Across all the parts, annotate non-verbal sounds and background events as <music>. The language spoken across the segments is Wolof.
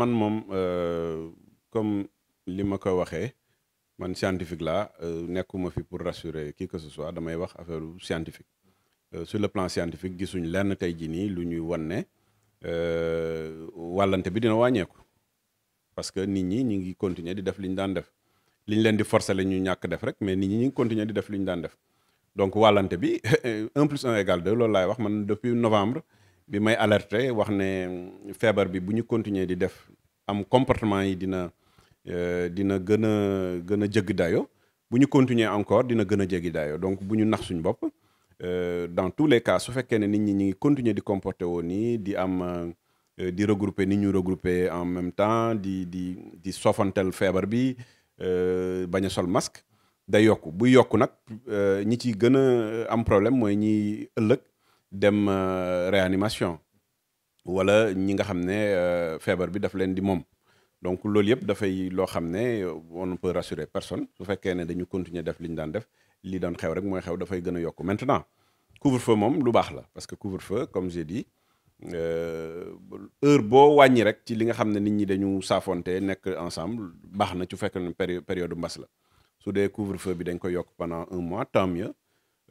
man moom euh, comme li ma ko waxee man scientifique laa euh, nekkuma fi pour rassurer qui que ce soit damay wax affaire scientifique euh, sur le plan scientifique gisuñ lenn tey jii nii lu ñuy wan ne wàllante bi dina wàññeeku parce que nit ñi ñu ngi continuer di def li ñu daan def li ñu leen di forcer la ñu ñàkk def rek mais nit ñi ñu ngi continuer di def li ñu daan def donc wàllante bi <laughs> un plus un égal deux loolu laay wax man depuis novembre bi may alerter wax ne feebar bi bu ñu continuer di def am comportement yi dina euh, dina gën a gën a jéggi dayo bu ñu continuer encore dina gën a jéggi dayo donc bu ñu nax suñu bopp euh, dans tous les cas su fekkee ne nit ñi ñu ngi continuer di comporter woon nii di am euh, di regrouper nit ñu regrouper en même temps di di di sofantel feebar bi bañ a sol masque day yokk buy yokk nag ñi ci gën a am problème mooy ñiy ëllëg dem réanimation wala ñi nga xam ne euh, feebar bi daf leen di moom donc loolu yëpp dafay loo xam ne euh, on ne rassurer personne su fekkee ne dañu continuer def li ñu daan def li doon xew rek mooy xew dafay gën a yokk maintenant couvre-feu moom lu baax la parce que couvre-feu comme j'ai dit euh, heure boo wàññi rek ci li nga xam ne nit ñi dañu saafonte nekk ensemble baax na ci fekk ne période mbas la su dee couvre-feu bi dañ koy yokk pendant un mois tant mieux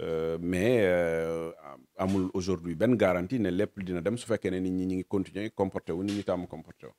Euh, mais euh, amul aujourd'hui benn garantie ne lépp dina dem su fekkee ne nit ñi ñu ngi continuer comporté wu nit ñi tàmm comporté wu